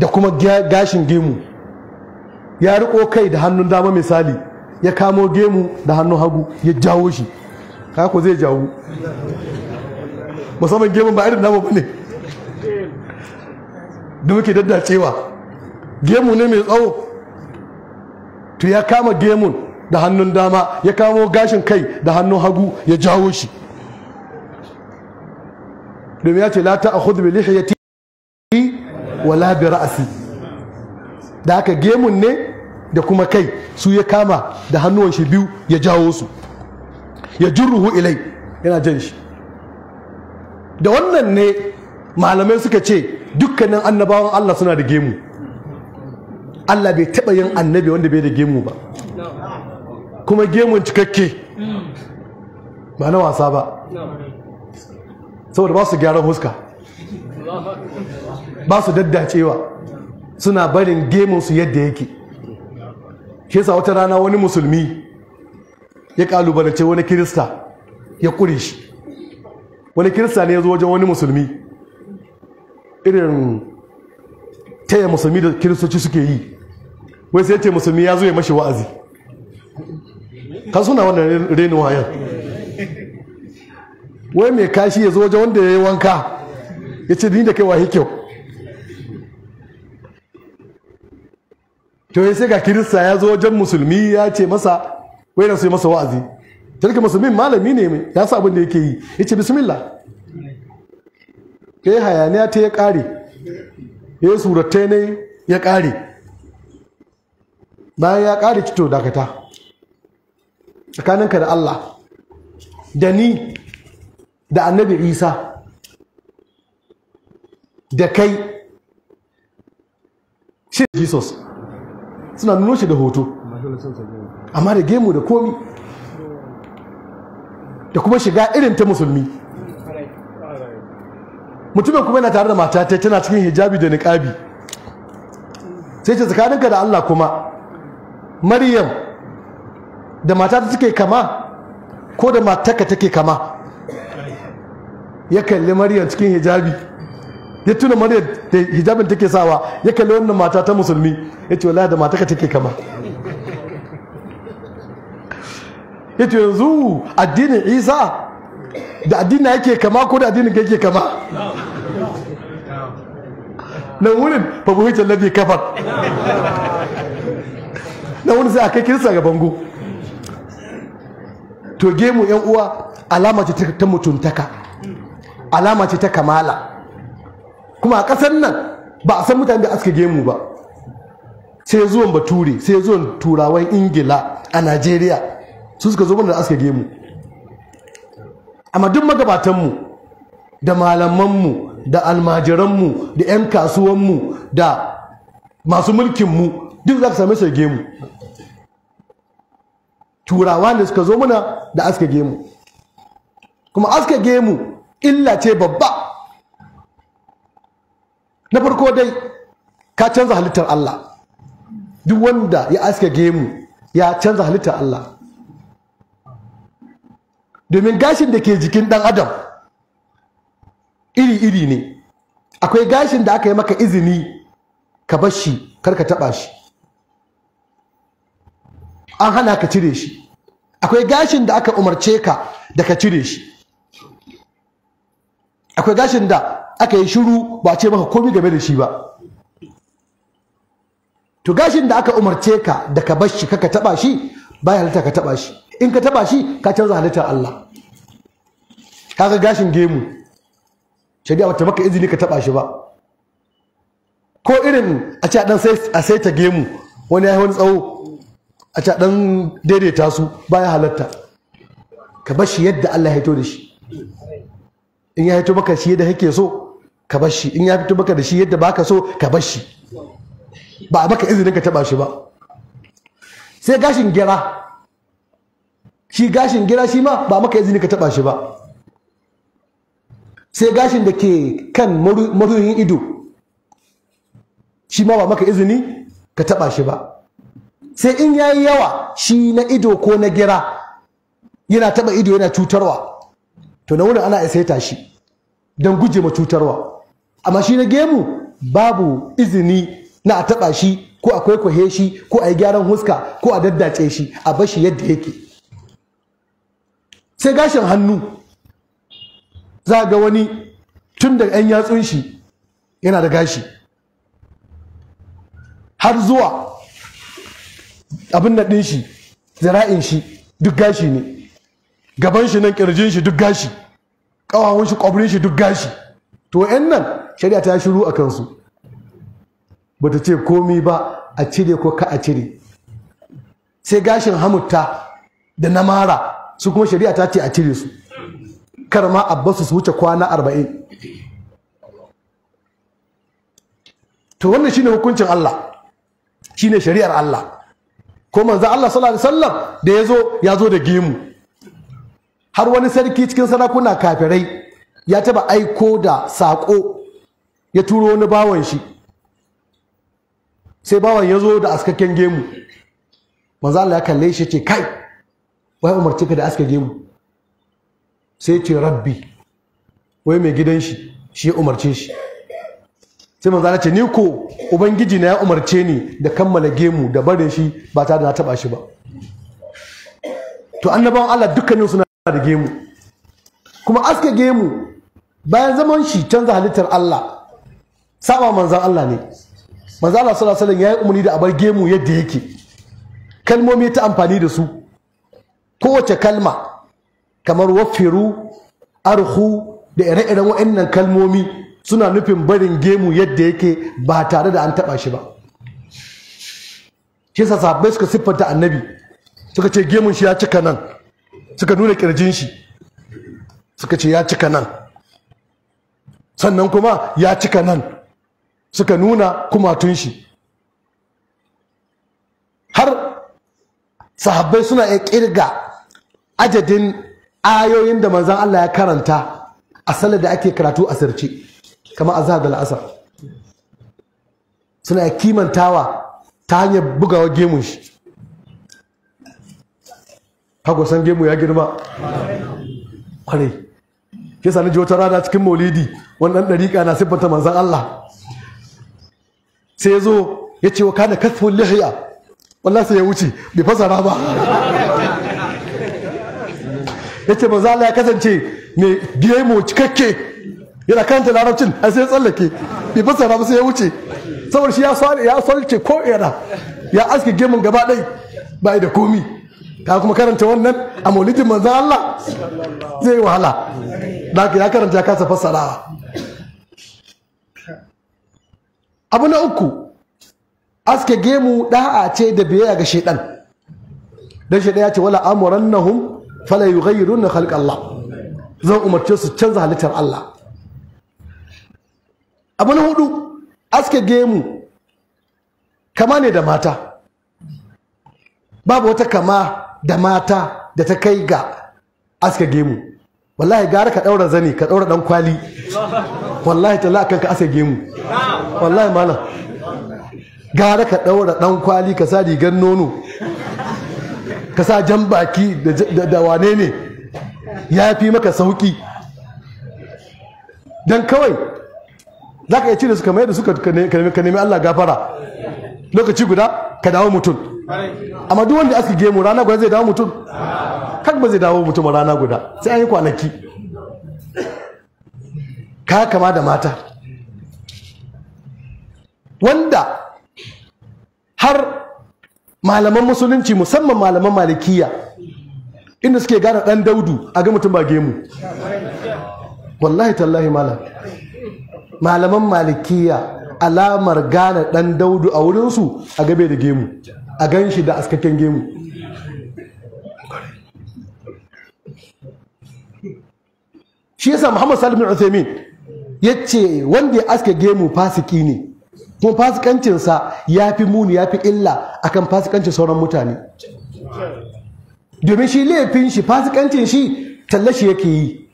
da kuma gashin gemu ya riko kai da hannun dama misali ya kamo gemu da hannun hagu ya jawo shi kako zai jawo musamman gemun ba irin namu ba ne da muke daddacewa gemu ne mai tsawo to ya kama gemun da hannun dama ya kamo gashin kai da hannun hagu ya jawo shi domin ya ce la ta a hudu wala bi ra'asi da haka gemun ne da kuma kai su ya kama da hannuwan shi biyu ya jawo su ya jurruhu ilai yana jan shi da wannan ne malamai suka ce dukkanin annabawan Allah suna da gemu Allah bai taɓa yin annabi wanda bai da gemu ba kuma gemun cikakke ba na wasa ba saboda ba su gyaran huska ba su daddacewa suna barin gemunsu yadda yake shi yasa wata rana wani musulmi ya kalubalance wani kirista ya kure shi wani kirista ne ya zo wajen wani musulmi irin taya musulmi da kiristoci suke yi wai sai ce musulmi ya zo ya mashi wa'azi Ka suna wannan renuwa wayan wai mai kashi ya zo wajen wanda ya yi wanka ya ce ni da kai wahi kyau to sai ga kirista ya zo wajen musulmi ya ce masa wai na masa wa'azi tarki musulmin malami ne ya sa abin da yake yi ya ce bismillah ya hayaniya ta ya kare ya yi suratai ne ya kare bayan ya kare cito dakata tsakaninka da Allah da ni da annabi Isa da kai shi jesus suna nuno shi da hoto amma da gemu da komi da kuma shiga irin ta musulmi mutumin kuma yana tare da mata ta tana cikin hijabi da niƙabi sai ce tsakaninka da Allah kuma maryam da mata ta take kama ko da mataka take kama ya kalli maryam cikin hijabi ya tuna maryam da hijabin take sawa ya kalli wannan mata ta musulmi ya ce wallahi da mata ka take kama ya ce yanzu addinin isa da addini yake kama ko da addinin yake kama nan wurin fa bu hujjar kafar nan wurin sai a kai kirista ga bango to gemu yan uwa alama ce ta mutuntaka alama ce ta kamala kuma a ƙasar nan ba a san mutane da aske gemu ba sai zuwan bature sai zuwan turawan ingila a najeriya su suka zo mana da aske gemu amma duk magabatanmu da malamanmu da almajiranmu da 'yan kasuwanmu da masu mulkinmu duk za ka same su gemu turawa da suka zo mana da aske gemu kuma aske gemu illa ce babba na farko dai ka canza halittar Allah duk wanda ya aske gemu ya canza halittar Allah domin gashin da ke jikin dan adam iri-iri ne akwai gashin da aka yi maka izini ka bar shi kar ka taɓa shi an hana ka cire shi akwai gashin da aka umarce ka da ka cire shi akwai gashin da aka yi shiru ba ce maka komai game da shi ba to gashin da aka umarce ka da ka bar shi ka taba shi ba halitta ka taba shi in ka taba shi ka canza halittar Allah kaga gashin gemu shari'a wata maka izini ka taba shi ba ko irin a ce a dan sai a saita gemu wani ya yi wani tsawo a ce a dan daidaita su ya halitta. ka bar shi yadda Allah ya to da shi in ya fito maka shi yadda kake so ka bar shi in ya fito maka da shi yadda baka so ka bar shi ba a maka izinin ka taba shi ba sai gashin gira shi gashin gira shi ma ba maka izinin ka taba shi ba sai gashin da ke kan maruyin ido shi ma ba maka izini ka taba shi ba sai in yayi yawa shi na ido ko na gira yana taba ido yana cutarwa to na wurin ana saita shi don guje ma cutarwa amma shi na gemu babu izini na a taɓa shi ko a kwaikwaye shi ko a yi gyaran huska ko a daddace shi a bashi yadda yake sai gashin hannu za ga wani tun da 'yan yatsun shi yana da gashi har zuwa abin da din shi zira'in shi duk gashi ne gaban shi nan kirjin shi duk gashi kawawan shi kwabrin shi duk gashi to yan nan shari'a ta shiru a kansu bata ce komi ba a cire ko ka a cire sai gashin hamutta da na mara su kuma shari'a ta ce a cire su kar ma abbasu su wuce kwana arba'in to wannan shine hukuncin Allah shine shari'ar Allah ko manzo Allah sallallahu alaihi wasallam da yazo zo da gemu har wani sarki cikin sarakuna kafirai ya taba aiko da sako ya turo wani bawan shi sai bawan ya zo da askakken gemu manzo Allah ya kalle shi ce kai wai umarci ka da aske gemu sai ce rabbi wai mai gidan shi shi ya umarce shi sai manzo Allah ce ni ko ubangiji na ya umarce ni da kammala gemu da barin shi ba tare da na taba shi ba to annabawan Allah dukkanin suna da gemu kuma aske gemu bayan zaman shi canza halittar Allah saba manzan Allah ne manzan Allah sallallahu alaihi wasallam umarni da abar gemu yadda yake kalmomi ta amfani da su kowace kalma kamar wafiru arhu da ire-iren waɗannan kalmomi suna nufin barin gemu yadda yake ba tare da an taɓa shi ba shi sa sahabbai suka siffanta annabi suka ce gemun shi ya cika nan suka nuna kirjin shi suka ce ya cika nan sannan kuma ya cika nan suka nuna kumatun shi har sahabbai suna iya kirga ajadin ayoyin da manzan Allah ya karanta a salar da ake karatu a sirce kamar azhar da la'asar suna kimantawa ta hanyar bugawa gemun shi kago san gemu ya girma kwarai ke sani ji wata rana cikin maulidi wani ɗariƙa na siffanta manzan Allah sai ya zo ya ce wa kana kasfun lihiya wallah sai ya wuce bai fasara ba ya ce manzan Allah ya kasance mai gemu cikakke yana kanta larabcin a sai ya tsallake bai fasara ba sai ya wuce saboda shi ya salce ko ya aske gemun gaba ɗai bai da komi ka kuma karanta wannan a maulidin manzan Allah zai wahala da ya karanta ya kasa fassarawa abu na uku aske gemu da'a ce da biyayya ga shaidan dan shaidan ya ce wala amurannahum fala yughayyiruna khalq Allah zan umarce su canza halittar Allah abu na hudu aske gemu kama ne da mata babu wata kama da mata da ta kai ga aska gemu wallahi gara ka ɗaura zani ka ɗaura ɗan kwali wallahi ta kan ka aska gemu wallahi malam gara ka ɗaura ɗan kwali ka sa rigar nono ka sa jan baki da wane ne ya fi maka sauki don kawai za ka iya cire su kamar yadda suka ka nemi Allah gafara lokaci guda ka dawo mutum amma duk wanda aka gemu rana guda zai dawo mutum kan ba zai dawo mutum rana guda sai an yi kwanaki ka kama da mata wanda har malaman musulunci musamman malaman malikiya inda suke gane dan daudu a ga mutum ba gemu wallahi tallahi malam malaman malikiya alamar gane dan daudu a wurinsu a gabe da gemu a gan shi da askaken gemu shi yasa muhammad salim bin uthaymin ya ce wanda ya aske gemu fasiki ne ko fasikancinsa ya fi muni ya fi illa akan fasikancin sauran mutane domin shi laifin shi fasikancin shi tallashi yake yi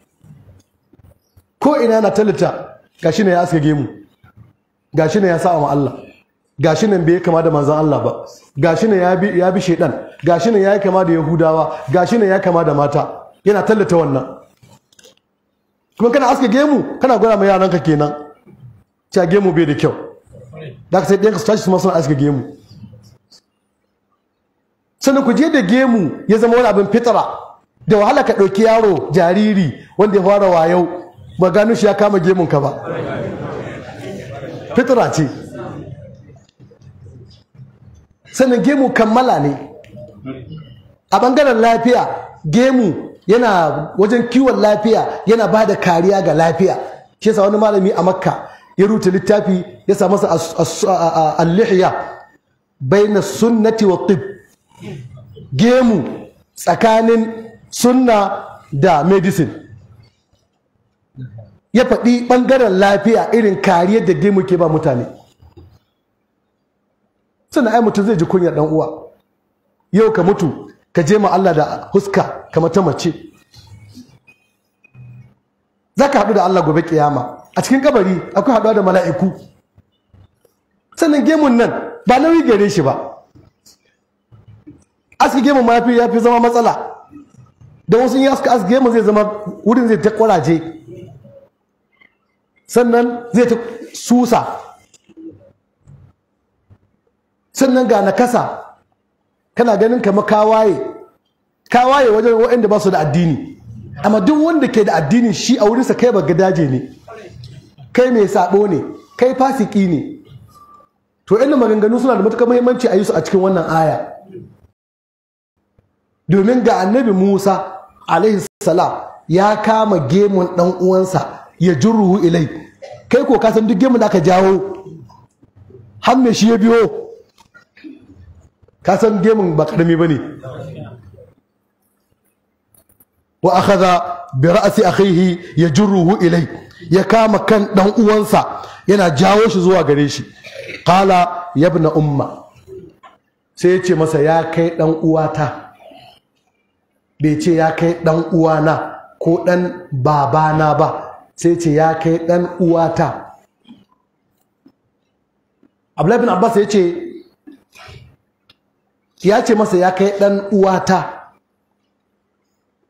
ko ina na tallata gashi ne ya aske gemu gashi ne ya sa'a wa Allah gashi nan bai kama da manzan Allah ba gashi nan ya bi ya bi shedan gashi nan yayi kama da yahudawa gashi nan ya kama da mata yana tallata wannan kuma kana aske gemu kana gwada mai yaranka kenan cha gemu bai da kyau da ka sai ɗayan ka tashi su suna aske gemu sannan ku je da gemu ya zama wani abin fitara da wahala ka ɗauki yaro jariri wanda ya fara wayau ba gano shi ya kama gemun ka ba fitara ce sannan gemu kammala ne a bangaren lafiya gemu yana wajen kiwon lafiya yana ba da kariya ga lafiya shi yasa wani malami a makka ya rute littafi ya sa masa al baina sunnati wa tib gemu tsakanin sunna da medicine ya faɗi ɓangaren lafiya irin kariyar da gemu ke ba mutane sannan ai mutum zai ji kunyar dan uwa yau ka mutu ka je ma Allah da huska kamar ta mace zaka haɗu da Allah gobe kiyama a cikin kabari akwai haɗuwa da mala'iku sannan gemun nan ba nauyi gare shi ba aski gemun ma ya fi zama matsala don wasu yi aski aski gemun zai zama wurin zai ta kwaraje sannan zai ta susa sannan ga nakasa kana ganin kamar kawaye kawaye wajen waɗanda ba su da addini amma duk wanda ke da addini shi a wurinsa kai ba gadaje ne kai mai sabo ne kai fasiki ne to inda maganganu suna da matuƙar muhimmanci a yi su a cikin wannan aya domin ga annabi Musa alaihi salam ya kama gemun ɗan uwansa ya jirruhu ilai kai ko kasan duk gemun da aka jawo har mai shi ya biyo ka san gemun ba karami bane wa akhadha bi ra'si akhihi yajruhu ilai ya kama kan dan uwansa yana jawo shi zuwa gare shi qala yabna umma sai ya ce masa ya kai dan uwata bai ce ya kai dan ko dan babana ba sai ce ya kai dan uwata Abdullahi bin Abbas ya ce ya ce masa ya kai ɗan uwata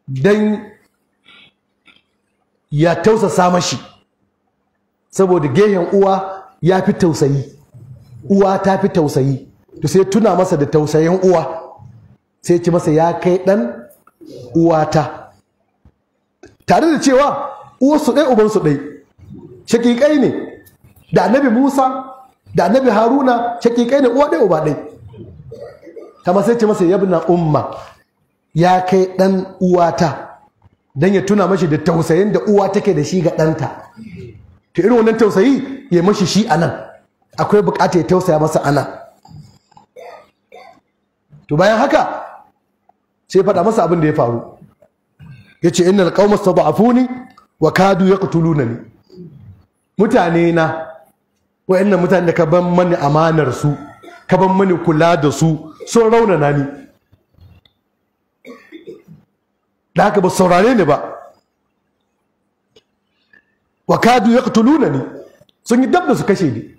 don ya tausasa mashi saboda gehen uwa ya fi tausayi uwa ta fi tausayi to sai tuna masa da tausayin uwa sai ce masa ya kai ɗan uwata tare da cewa uwarsu ɗai ubansu ɗai shakikai ne da annabi musa da annabi haruna shakikai ne uwa ɗai uba ɗai kama sai ce masa yabna umma ya kai dan uwata dan ya tuna mashi da tausayin da uwa take da shi ga ɗanta to irin wannan tausayi ya mashi shi anan akwai bukata ya tausaya masa anan to bayan haka sai faɗa masa abin da ya faru ya ce innal qauma stada'afuni wa kadu yaqtulunani mutane na wayannan mutane da ka ban mani amanar su ka ban mani kula da su sun raunana ni da haka ba saurare ni ba wa ya katuluna ni sun yi dab da su kashe ni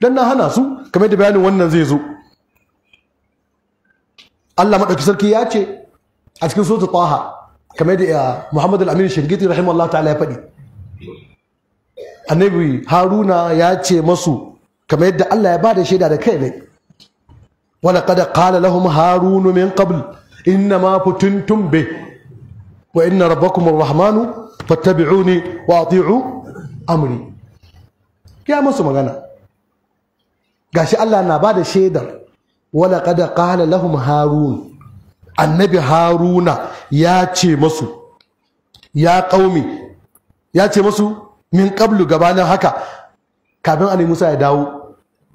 don na hana su kamar da bayanin wannan zai zo Allah madauki sarki ya ce a cikin sotu ƙwaha kamar da eh, Muhammad al-Amin Shingiti Allah ta'ala ya faɗi annabi Haruna ya ce masu kamar yadda Allah ya ba da shaida da kai ne wala kada qala lahum harunu min qabl innama futuntum bi wa inna rabbakum arrahmanu fattabi'uni wa ati'u amri ya masu magana Ga shi Allah na bada shaidar wala kada qala lahum harun annabi haruna ya ce masu ya qaumi ya ce masu min qablu gabanin haka kafin Ali Musa ya dawo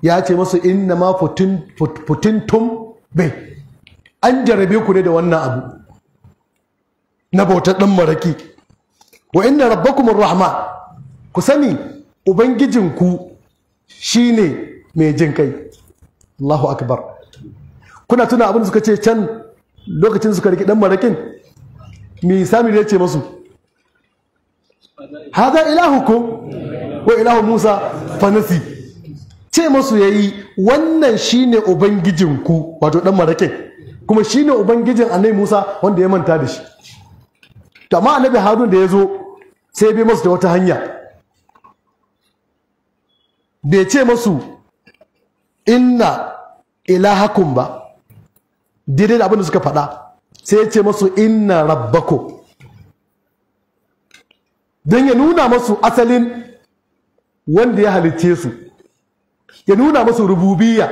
ya ce masu inna ma fitintum bai an jarabe ku ne da wannan abu na bautar ɗan maraki wa inna rabbakum rahma ku sani ubangijinku shine mai jin kai Allahu akbar kuna tuna abin da suka ce can lokacin suka riki dan marakin me sami da ce masu hada ko, wa ilahu musa fanasi ce masu ya yi wannan shine ubangijinku wato dan marakin kuma shine ubangijin annabi Musa wanda ya manta da shi to amma annabi Harun da ya zo sai ya bi masu da wata hanya bai ce masu inna ilahakum ba daidai da abin da suka faɗa sai ya ce masu inna rabbako don ya nuna masu asalin wanda ya halicce su ya nuna musu rububiya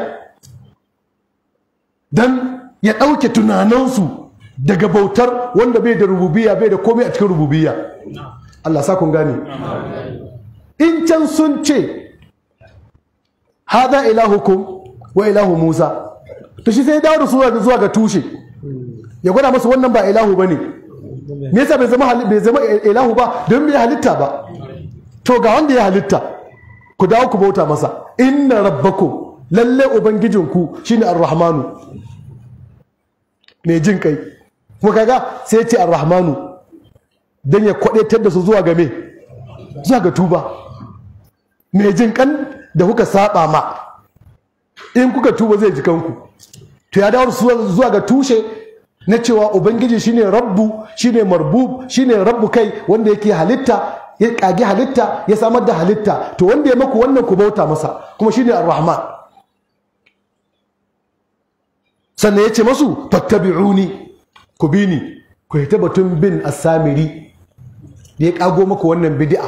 dan ya ɗauke tunaninsu daga bautar wanda bai da rububiya bai da komai a cikin rububiya Allah sa kun gane in can sun ce ilahu ilahukum wa ilahu Musa to shi sai ya dawo da zuwa ga tushe ya gwada masu wannan ba ilahu ne. me yasa bai zama bai zama ilahu ba don bai halitta ba to ga wanda ya halitta ku dawo ku bauta masa inna rabbako lalle ubangijinku shine ar-rahmanu mai jin kai kuma kaga sai ya ce ar-rahmanu dan ya kwadaitar da su zuwa ga me zuwa ga tuba mai jin kan da kuka saba ma in kuka tuba zai ji kanku to ya dawo su zuwa ga tushe na cewa ubangiji shine rabbu shine marbub shine rabbu kai wanda yake halitta ya ƙage halitta ya samar da halitta to wanda ya maku wannan ku bauta masa kuma shine ar-rahman sannan ya ce masu fattabi'uni ku bi ni ku yi tabbatun bin Samiri. da ya kago maku wannan bidi'a.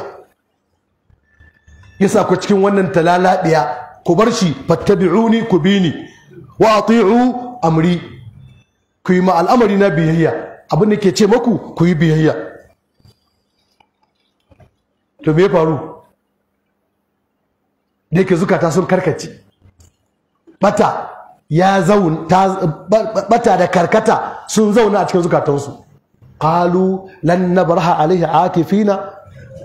ya sa ku cikin wannan talalabiya ku bar shi fattabi'uni ku bi ni wa ati'u amri ku yi ma al'amari na biyayya abin da ke ce maku ku yi biyayya to me faru da yake zukata sun karkace bata ya zaun bata da karkata sun zauna a cikin zukatansu kalu lan nabraha alaihi akifina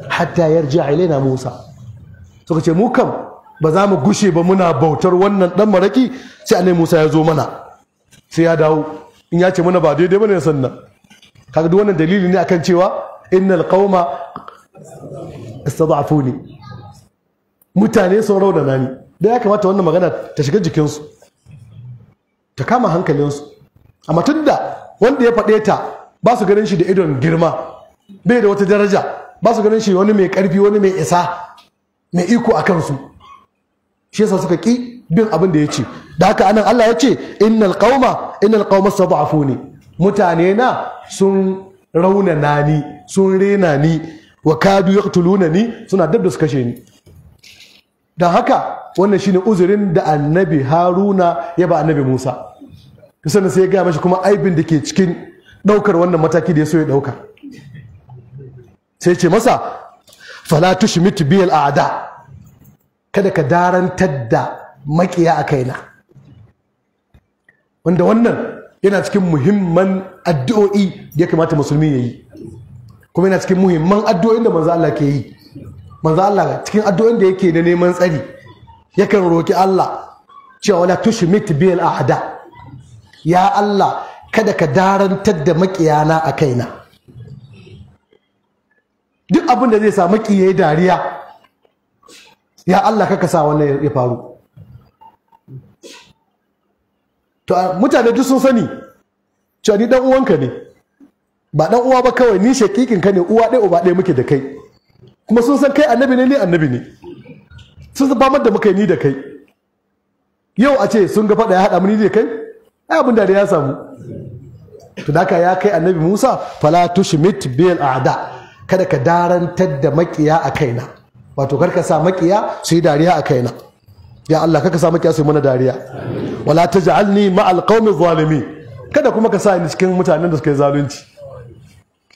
hatta yarji'a ilaina musa suka ce mu kam ba za mu gushe ba muna bautar wannan dan maraki sai annabi musa ya zo mana sai ya dawo in ya ce mana ba daidai bane sannan kaga duk wannan dalili ne akan cewa innal qauma istad'afuni mutane sun raunana ni da ya kamata wannan magana ta shiga jikinsu ta kama hankalinsu amma tun da wanda ya faɗe ta ba su ganin shi da idon girma bai da wata daraja ba su ganin shi wani mai ƙarfi wani mai isa mai iko a kansu shi yasa suka ƙi bin abin da ya ce da haka anan Allah ya ce innal qauma innal qauma sadafuni mutane na sun raunana ni sun rena ni wa kadu ni suna dab da su kashe ni dan haka wannan shine uzurin da annabi haruna ya ba annabi musa sannan sai ya gaya mashi kuma aibin da ke cikin daukar wannan mataki da ya so ya dauka sai ce masa fala tushmit biyal a'da kada ka darantar da makiya a kaina wanda wannan yana cikin muhimman addu'o'i da ya kamata musulmi ya yi kuma yana cikin muhimman addu'o'in da manzo Allah ke yi manzo Allah cikin addu'o'in da yake da neman tsari yakan roki Allah cewa wala tushmit bil ahada ya Allah kada ka darantar da makiyana a kaina duk abin da zai sa makiyayi dariya ya Allah kaka sa wannan ya faru mutane duk sun sani cewa ni dan uwanka ne ba dan uwa ba kawai ni shakikin ka ne uwa ɗaya uba ɗaya muke da kai kuma sun san kai annabi ne ni annabi ne sun san famar da muka ni da kai yau a ce sun ga faɗa ya haɗa mu ni da kai ai abin da ya samu to da ya kai annabi Musa fala tushmit bil Aada. kada ka darantar da makiya a kaina wato kar ka sa makiya su yi dariya a kaina ya Allah kaka sa makiya su yi mana dariya wala taj'alni ma'al qaumi zalimi kada kuma ka sa ni cikin mutanen da suke zalunci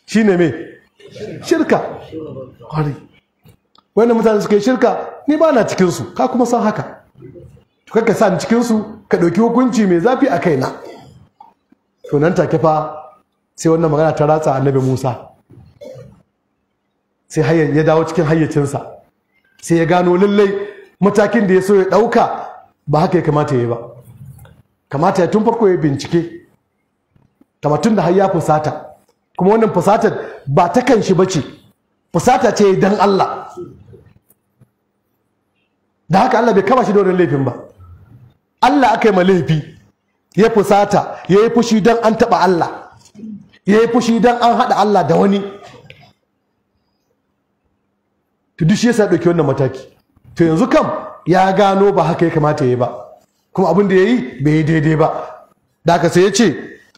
Shi ne me shirka ƙwari wanda mutane suka yi shirka ni ba na cikinsu ka kuma san haka to kaka sa ni cikinsu ka ɗauki hukunci mai zafi a kaina to nan take fa sai wannan magana ta ratsa annabi musa sai ya dawo cikin hayyacinsa sai ya gano lallai matakin da ya so ya ɗauka ba haka ya kamata ya yi ba kamata ya tun farko ya bincike kamatun da har ya fusata kuma wannan fusatar ba ta kan shi bace fusata ce dan Allah da haka Allah bai kama shi da wannan laifin ba Allah aka yi ma laifi ya fusata ya yi fushi don an taɓa Allah ya yi fushi don an haɗa Allah da wani to duk shi yasa ɗauki wannan mataki to yanzu kam ya gano ba haka ya kamata ya ba kuma abin da ya yi bai yi daidai ba da aka sai ya ce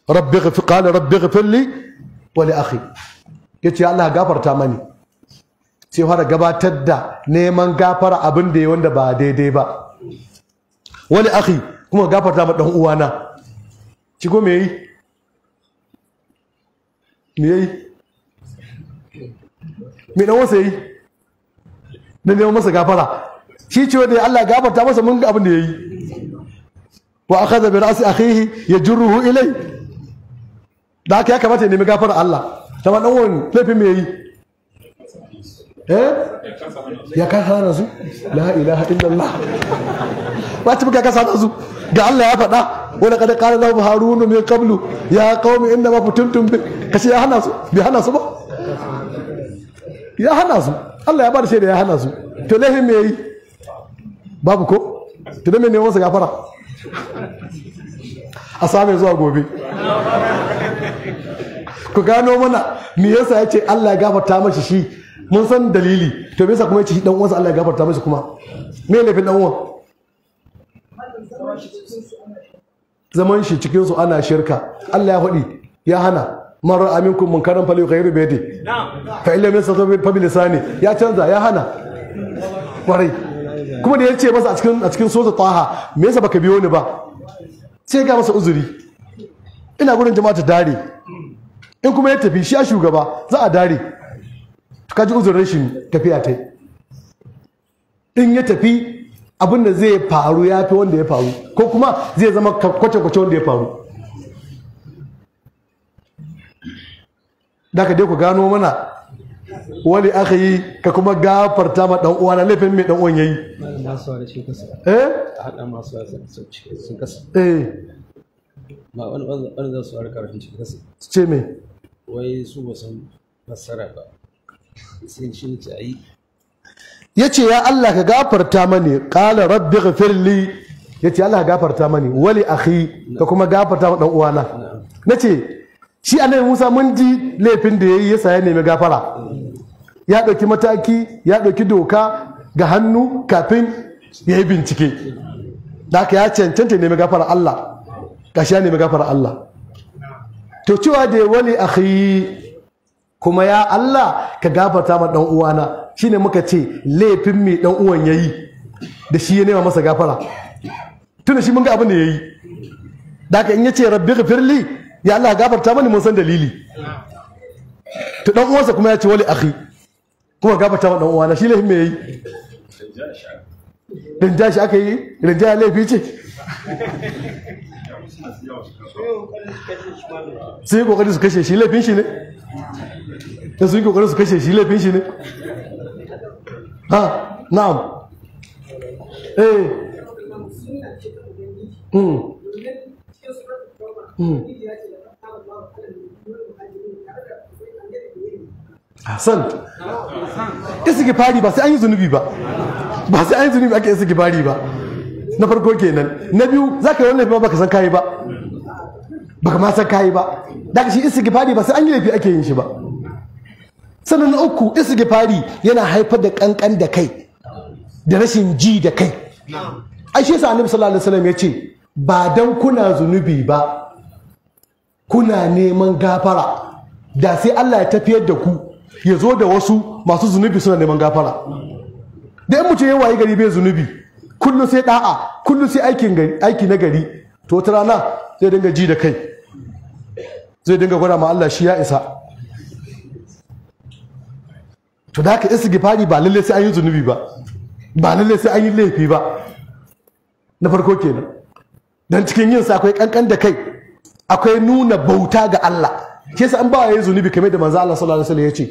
rabbi ghafir qala rabbi ghafir li wali akhi ce Allah gafarta mani sai fara gabatar da neman gafara abin da ya wanda ba daidai ba wani akhi kuma gafarta ma dan uwana ci go me yi me yi me dan wasa yi na neman masa gafara shi ce wanda Allah gafarta masa mun ga abin da ya yi wa akhadha bi ra'si akhihi yajruhu ilai. da haka ya kamata ya nemi gafar Allah zama dan wani laifin me yi eh ya kasa hana su la ilaha illallah ba ta buga kasa hana su ga Allah ya faɗa wani kada kala lahu harunu min qablu ya qaumi inna ma futuntum bi kashi ya hana su bai hana su ba ya hana su Allah ya bada shaida ya hana su to laifin me yi babu ko to da me ne wasu gafara a same zuwa gobe ku gano mana me yasa ce Allah ya gafarta mashi shi mun san dalili to me yasa kuma ce shi dan uwansa Allah ya gafarta mashi kuma me laifin dan uwan zaman shi cikin su ana shirka Allah ya faɗi ya hana man ra'a minkum munkaran fali bi bayde fa illam yastati fa bi lisani ya canza ya hana kwarai kuma da yace masa a cikin a cikin taha me yasa baka biyo ni ba sai ga masa uzuri ina gudun jama'a ta dare in kuma ya tafi shi a shugaba za a dare ka ji uzurin rashin tafiya ta in ya tafi abin da zai faru ya fi wanda ya faru ko kuma zai zama kwace-kwace wanda ya faru daga ka dai ku gano mana wani aka yi ka kuma gafarta ma dan uwa na laifin mai dan uwan yayi eh eh ba ce yace ya Allah ka gafarta mani kala rabbi ya ce Allah ka gafarta mani wali akhi ka kuma gafarta wa dan uwana ce shi annabi Musa mun ji laifin da ya yayi ya saya nemi gafara mm. ya ɗauki mataki ya ɗauki doka ga hannu kafin ya yi bincike mm. da aka ya cancanta nemi gafara Allah gashi ya nemi gafara Allah to cewa da wali akhi kuma ya Allah ka gafarta ma dan uwana shine muka ce laifin mai dan uwan ya yi. da shi ya nema masa gafara tuna shi mun ga abin da yi. da haka in ya ce rabbi firli ya Allah gafarta mani mun san dalili to dan uwansa kuma ya ce wali akhi kuma gafarta ma dan uwana shi laifin mai ya yi. rinja shi aka yi rinja laifi ce sai kokarin su kashe shi laifin shi ne da sun kokarin su kashe shi laifin shi ne ha na'am eh mm mm Hassan istighfari ba sai an yi zunubi ba ba sai an yi zunubi ake isi fari ba na farko kenan na biyu za ka yi wannan ba ka san kayi ba baka ma san kayi ba daga shi istighfari ba sai an yi laifi ake yin shi ba sannan na uku istighfari yana haifar da kankan da kai da rashin ji da kai ai shi sa annabi sallallahu alaihi wasallam yace ba dan kuna zunubi ba kuna neman gafara da sai Allah ya tafiyar da ku ya zo da wasu masu zunubi suna neman gafara da in mutum ya wayi gari bai zunubi kullum sai da'a kullum sai aikin na gari to wata rana sai dinga ji da kai zai dinga gwada ma Allah shi ya isa to da haka istighfari ba lalle sai an yi zunubi ba ba lalle sai an yi laifi ba na farko kenan dan cikin yin sa akwai kankan da kai akwai nuna bauta ga Allah ke sa an bawa yi zunubi kamar da manzo Allah sallallahu alaihi wasallam ya ce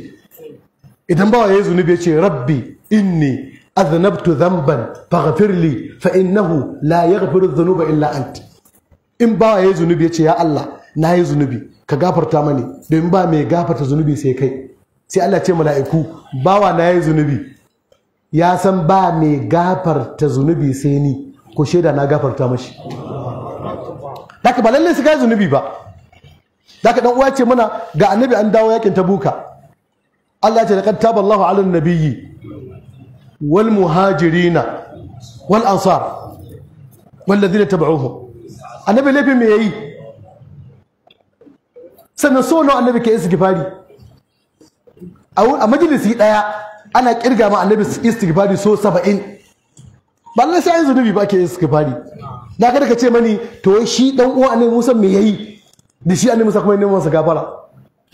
idan bawa yi zunubi ya ce rabbi inni aznabtu Zamban, faghfirli fa innahu la yaghfiru dhunuba illa ant in bawa yi zunubi ya ce ya Allah na yi zunubi ka gafarta mani domin ba mai gafarta zunubi sai kai sai Allah ce mala'iku bawa na yi zunubi ya san ba mai gafarta zunubi sai ni ko shaida na gafarta mashi daga ba lallai su kai zunubi ba daga dan uwa ce mana ga annabi an dawo yakin tabuka Allah ya ce laqad taba Allahu 'ala an-nabiyyi wal muhajirina wal ansar wal ladina taba'uhu annabi laifin me yayi sannan so nawa annabi ke istighfari a majalisi daya ana kirga ma annabi istighfari so 70 ba lallai sai yanzu zunubi ba ke istighfari na kada ka ce mani to shi dan uwa annabi Musa me yayi da shi annabi Musa kuma neman sa gafara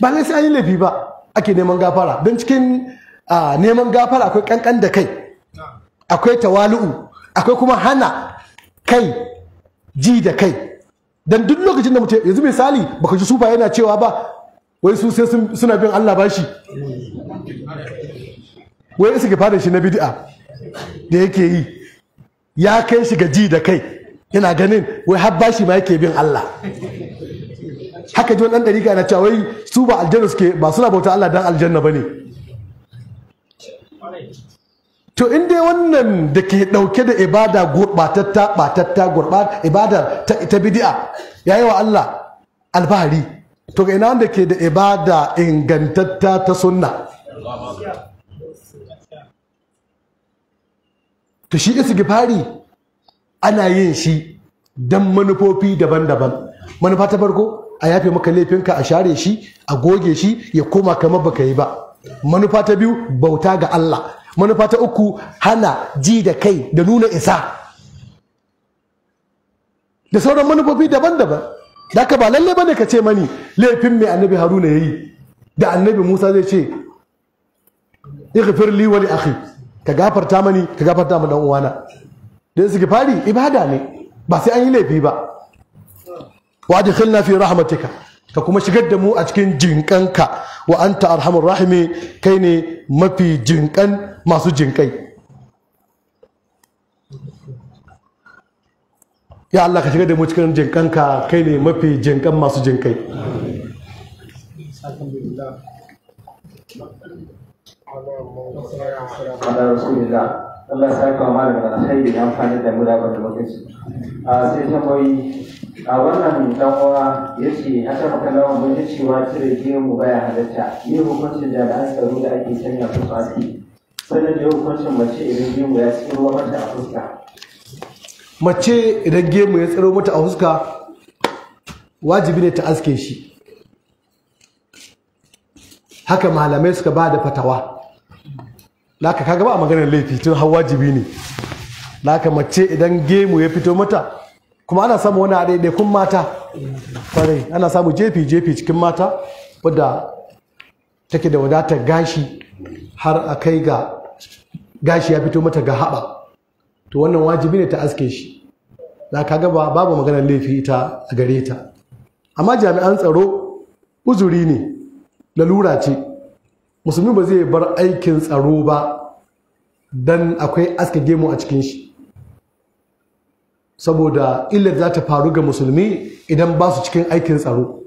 ba lallai sai yin laifi ba ake neman gafara don cikin neman gafara akwai kankan da kai akwai tawali'u akwai kuma hana kai ji da kai dan duk lokacin da mutum yanzu misali baka ji sufa yana cewa ba wai su sai suna bin Allah bashi wai ke fara shi na bid'a da yake yi ya kai shi gaji da kai yana ganin wai har bashi ma yake bin Allah haka ji wani ɗan na cewa wai su ba aljanna suke ba suna bauta Allah dan aljanna bane to in dai wannan da ke ɗauke da ibada gurbatatta batatta ibada ta, ta bidi'a yayi wa Allah alfahari to ga ina wanda ke da ibada ingantatta ta sunna to shi gifari ana yin shi don manufofi daban-daban manufa ta farko a yafe maka laifinka a share shi a goge shi ya koma kamar baka yi ba manufa ta biyu bauta ga Allah manufa ta uku hana ji da kai da nuna isa da sauran manufofi daban-daban da ka ba lalle bane ka ce mani laifin mai annabi haruna ya yi da annabi musa zai ce ighfir li wani akhi ka gafarta mani ka gafarta mu dan uwana dan suke fari ibada ne ba sai an yi laifi ba wa adkhilna fi rahmatika ka kuma shigar da mu a cikin jinkanka wa anta arhamur rahimi kai ne mafi jinƙan masu jinƙai ya Allah ka shigar da mu cikin jinƙanka kai ne mafi jinƙan masu jinƙai على Allah ya saka wa malamin alkhairi ya amfani da mu da wannan lokaci a sai a wannan dan uwa yace haka makalawa mun ji cewa cire gemu baya halatta yi hukuncin jami'an tsaro da ake sanya su tsaki sanar da hukuncin mace idan gemu ya tsiro mata a fuska mace idan gemu ya tsaro mata a fuska wajibi ne ta aske shi haka malamai suka ba da fatawa laka kaga ba a maganar laifi tun har wajibi ne laka mace idan gemu ya fito mata kuma ana samu wani a kun mata kwarai ana samu jefi jefi cikin mata wadda take da wadatar gashi har a kai ga gashi ya fito mata ga haɓa to wannan wajibi ne ta aske shi za ka ga babu maganar laifi ita a gare ta amma jami'an tsaro uzuri ne lalura ce musulmi ba zai bar aikin tsaro ba dan akwai aska gemu a cikin shi saboda illar za ta faru ga musulmi idan ba su cikin aikin tsaro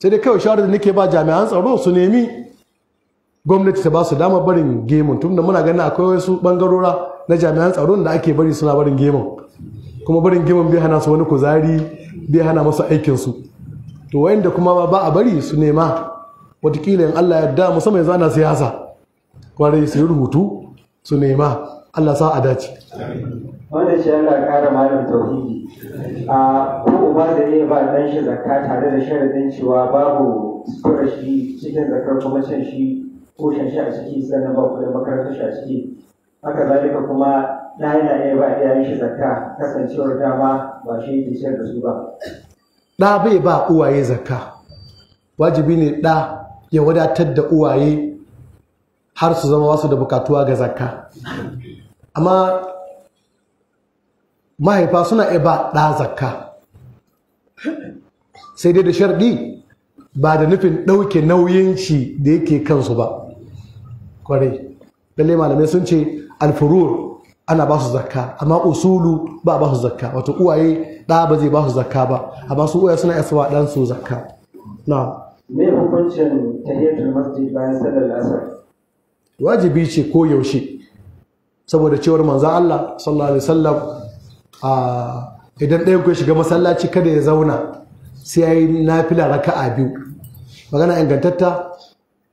sai dai kawai shawarar da nake ba jami'an tsaro su nemi gwamnati ta ba su dama barin gemun tun da muna ganin akwai wasu bangarora na jami'an tsaro da ake bari suna barin gemun kuma barin gemun bai hana su wani kuzari bai hana masu aikinsu to wayanda kuma ba a bari su nema watakila in Allah ya yarda musamman yanzu ana siyasa kwarai su yi rubutu su nema Allah sa a dace wanda shi yana kara malam tauhidi a ko uba da ya ba dan shi zakka tare da sharadin cewa babu sura shi cikin zakar kuma cin shi ko shan shi a ciki sannan ba kuɗin makarantar shi a ciki haka zalika kuma na yana ya ba iyayen shi zakka kasancewar dama ba shi yake ciyar da su ba ɗa bai ba uwaye zakka wajibi ne ɗa ya wadatar da uwaye har su zama wasu da bukatuwa ga zakka amma mahaifa suna iya ba ɗa zakka sai dai da sharɗi ba da nufin ɗauke nauyin shi da yake kansu ba kwarai lalle malamai sun ce alfurur ana ba su zakka amma usulu ba ba su zakka wato uwaye ɗa ba zai ba su zakka ba amma su uwaye suna iya su ɗansu zakka na wajibi ce ko yaushe saboda cewar manzon Allah sallallahu alaihi wasallam idan ɗaya ku shiga masallaci kada ya zauna sai yi nafila raka'a biyu magana ingantatta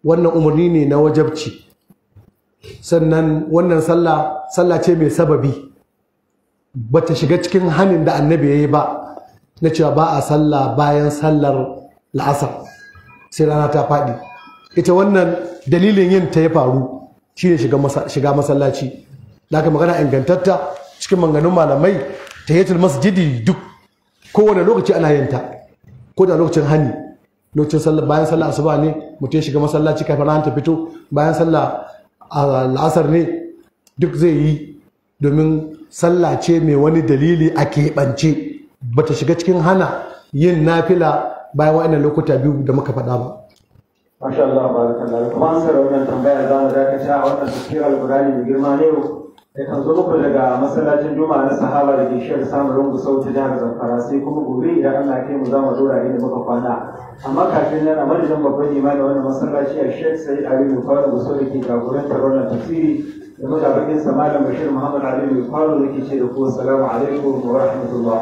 wannan umarni ne na wajabci sannan wannan sallah sallah ce mai sababi bata shiga cikin hanin da annabi ya yi ba na cewa ba a sallah bayan sallar la'asar sai rana ta faɗi ita wannan dalilin yin ta ya faru shi ne shiga masallaci da aka magana ingantatta cikin manganun malamai ta yatul masjidi duk kowane lokaci ana yin ta ko da lokacin hani lokacin bayan sallah asuba ne mutum ya shiga masallaci kafin rana ta fito bayan sallah la'asar ne duk zai yi domin sallah ce mai wani dalili a keɓance bata shiga cikin hana yin nafila bayan wa'annan lokuta biyu da muka faɗa ba Masha Allah barakallahu kuma an tsara wannan tambaya za mu dakata a wannan tafsirar Qur'ani mai girma ne da kan zo muku daga masallacin Juma'a na Sahaba da ke shirin samun rungu sauti jihar Zamfara sai kuma gobe idan Allah kai mu za mu dora inda muka kwana amma kafin nan a madadin babban imani wannan masallaci a Sheikh Said Ali Mufaru Guso da ke jagorantar wannan tafsiri da magabakin sa Malam Bashir Muhammad Ali Mufaru da ke ce da ku assalamu alaikum wa rahmatullah